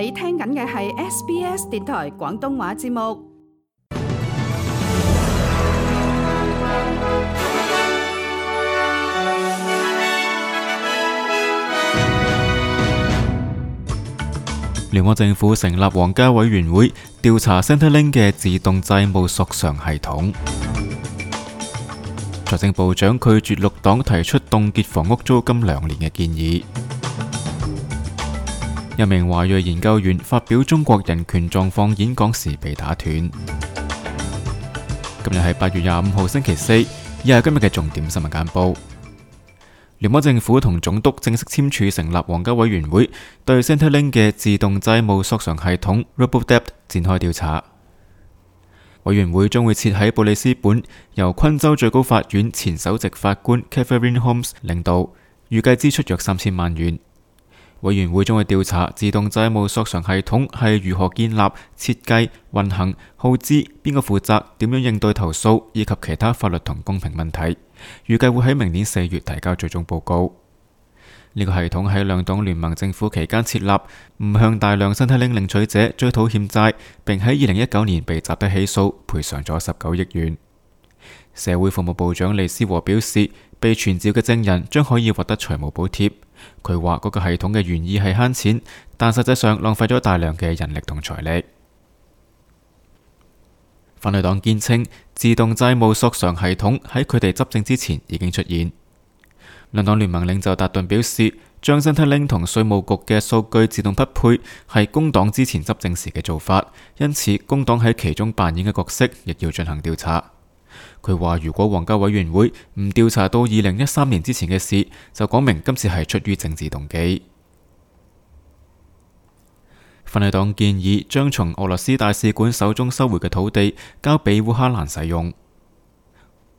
你聽緊嘅係 SBS 電台廣東話節目。聯邦政府成立皇家委員會調查 Centrelink 嘅自動債務索償系統。財政部長拒絕綠黨提出凍結房屋租金兩年嘅建議。一名華裔研究員發表中國人權狀況演講時被打斷。今日係八月廿五號星期四，以下係今日嘅重點新聞簡報。聯邦政府同總督正式簽署成立皇家委員會，對 Centrelink 嘅自動債務索償系統 Robodebt 展開調查。委員會將會設喺布里斯本，由昆州最高法院前首席法官 Catherine Holmes 領導，預計支出約三千萬元。委員會將會調查自動債務索償系統係如何建立、設計、運行、耗資、邊個負責、點樣應對投訴以及其他法律同公平問題。預計會喺明年四月提交最終報告。呢、這個系統喺兩黨聯盟政府期間設立，唔向大量身體領領，領取者追討欠債，並喺二零一九年被集體起訴賠償咗十九億元。社會服務部長李思和表示，被傳召嘅證人將可以獲得財務補貼。佢話嗰個系統嘅原意係慳錢，但實際上浪費咗大量嘅人力同財力。反對黨堅稱自動債務索償系統喺佢哋執政之前已經出現。兩黨聯盟領袖達頓表示，將 Centrelink 同稅務局嘅數據自動匹配係工黨之前執政時嘅做法，因此工黨喺其中扮演嘅角色亦要進行調查。佢話：如果皇家委員會唔調查到二零一三年之前嘅事，就講明今次係出於政治動機。反對黨建議將從俄羅斯大使館手中收回嘅土地交俾烏克蘭使用。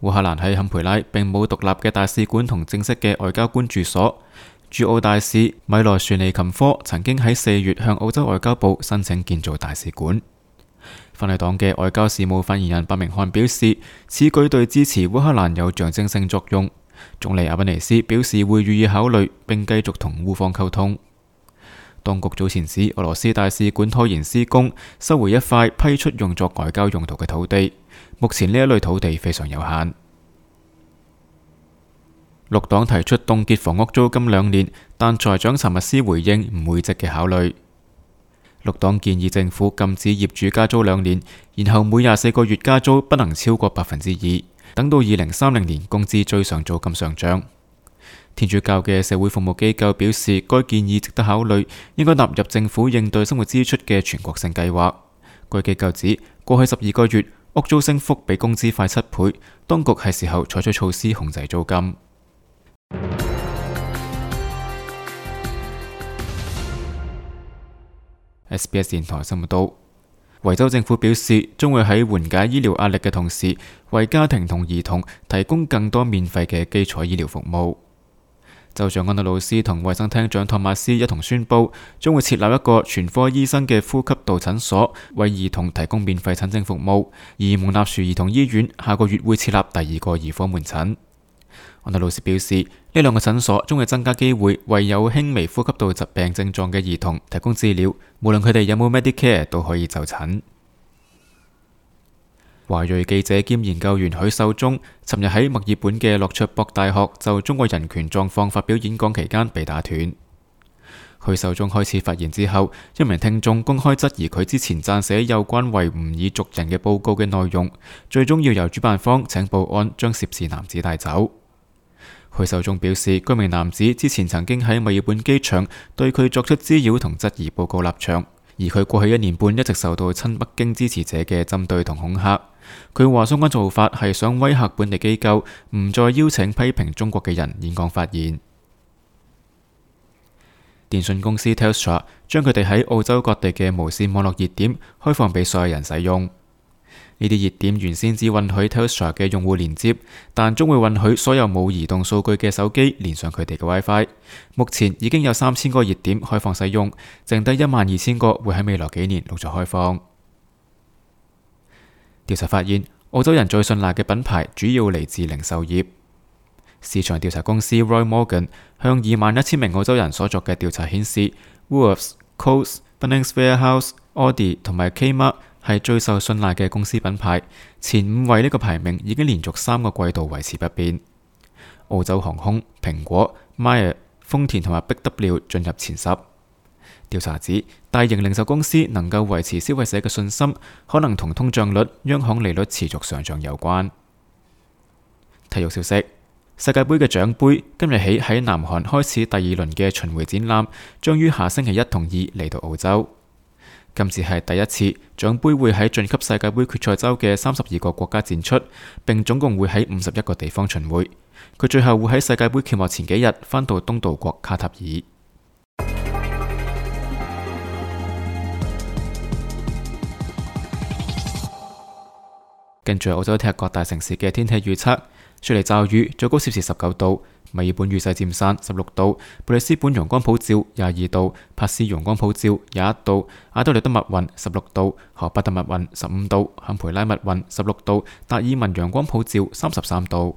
烏克蘭喺坎培拉並冇獨立嘅大使館同正式嘅外交官住所。駐澳大使米羅什尼琴科曾經喺四月向澳洲外交部申請建造大使館。反對黨嘅外交事務發言人白明漢表示，此舉對支持烏克蘭有象徵性作用。總理阿賓尼斯表示會予以考慮，並繼續同烏方溝通。當局早前指俄羅斯大使館拖延施工，收回一塊批出用作外交用途嘅土地。目前呢一類土地非常有限。綠黨提出凍結房屋租金兩年，但財長查密斯回應唔會積極考慮。六黨建議政府禁止業主加租兩年，然後每廿四個月加租不能超過百分之二，等到二零三零年工資追上租金上漲。天主教嘅社會服務機構表示，該建議值得考慮，應該納入政府應對生活支出嘅全國性計劃。該機構指，過去十二個月屋租升幅比工資快七倍，當局係時候採取措施控制租金。SBS 電台新聞道，維州政府表示，將會喺緩解醫療壓力嘅同時，為家庭同兒童提供更多免費嘅基礎醫療服務。州長安德魯斯同衛生廳長托馬斯一同宣布，將會設立一個全科醫生嘅呼吸道診所，為兒童提供免費診症服務。而蒙納殊兒童醫院下個月會設立第二個兒科門診。安德魯斯表示，呢兩個診所將會增加機會，為有輕微呼吸道疾病症狀嘅兒童提供治療，無論佢哋有冇 Medicare 都可以就診。華裔記者兼研究員許秀忠尋日喺墨爾本嘅洛卓博大學就中國人權狀況發表演講期間被打斷。許秀忠開始發言之後，一名聽眾公開質疑佢之前撰寫有關維吾爾族人嘅報告嘅內容，最終要由主辦方請保安將涉事男子帶走。佢受眾表示，該名男子之前曾經喺墨爾本機場對佢作出滋擾同質疑報告立場。而佢過去一年半一直受到親北京支持者嘅針對同恐嚇。佢話相關做法係想威嚇本地機構，唔再邀請批評中國嘅人演講發言。電信公司 Telstra 將佢哋喺澳洲各地嘅無線網絡熱點開放俾所有人使用。呢啲熱點原先只允許 Telstra 嘅用戶連接，但終會允許所有冇移動數據嘅手機連上佢哋嘅 WiFi。目前已經有三千個熱點開放使用，剩低一萬二千個會喺未來幾年陸續開放。調查發現，澳洲人最信賴嘅品牌主要嚟自零售業。市場調查公司 Roy Morgan 向二萬一千名澳洲人所作嘅調查顯示，Woolworths、Coles、Bunnings Warehouse、Audi 同埋 Kmart 係最受信賴嘅公司品牌。前五位呢個排名已經連續三個季度維持不變。澳洲航空、蘋果、邁爾、豐田同埋 Big W 進入前十。調查指大型零售公司能夠維持消費者嘅信心，可能同通脹率、央行利率持續上漲有關。體育消息：世界盃嘅獎盃今日起喺南韓開始第二輪嘅巡回展覽，將於下星期一同二嚟到澳洲。今次係第一次，獎杯會喺晉級世界盃決賽周嘅三十二個國家展出，並總共會喺五十一個地方巡迴。佢最後會喺世界盃揭幕前幾日，返到東道國卡塔爾。跟住澳洲踢各大城市嘅天氣預測，雪梨驟雨，最高攝氏十九度；墨爾本雨勢漸散，十六度；布里斯本陽光普照，廿二度；帕斯陽光普照，廿一度；阿德里德密雲，十六度；荷巴特密雲，十五度；堪培拉密雲，十六度；達爾文陽光普照，三十三度。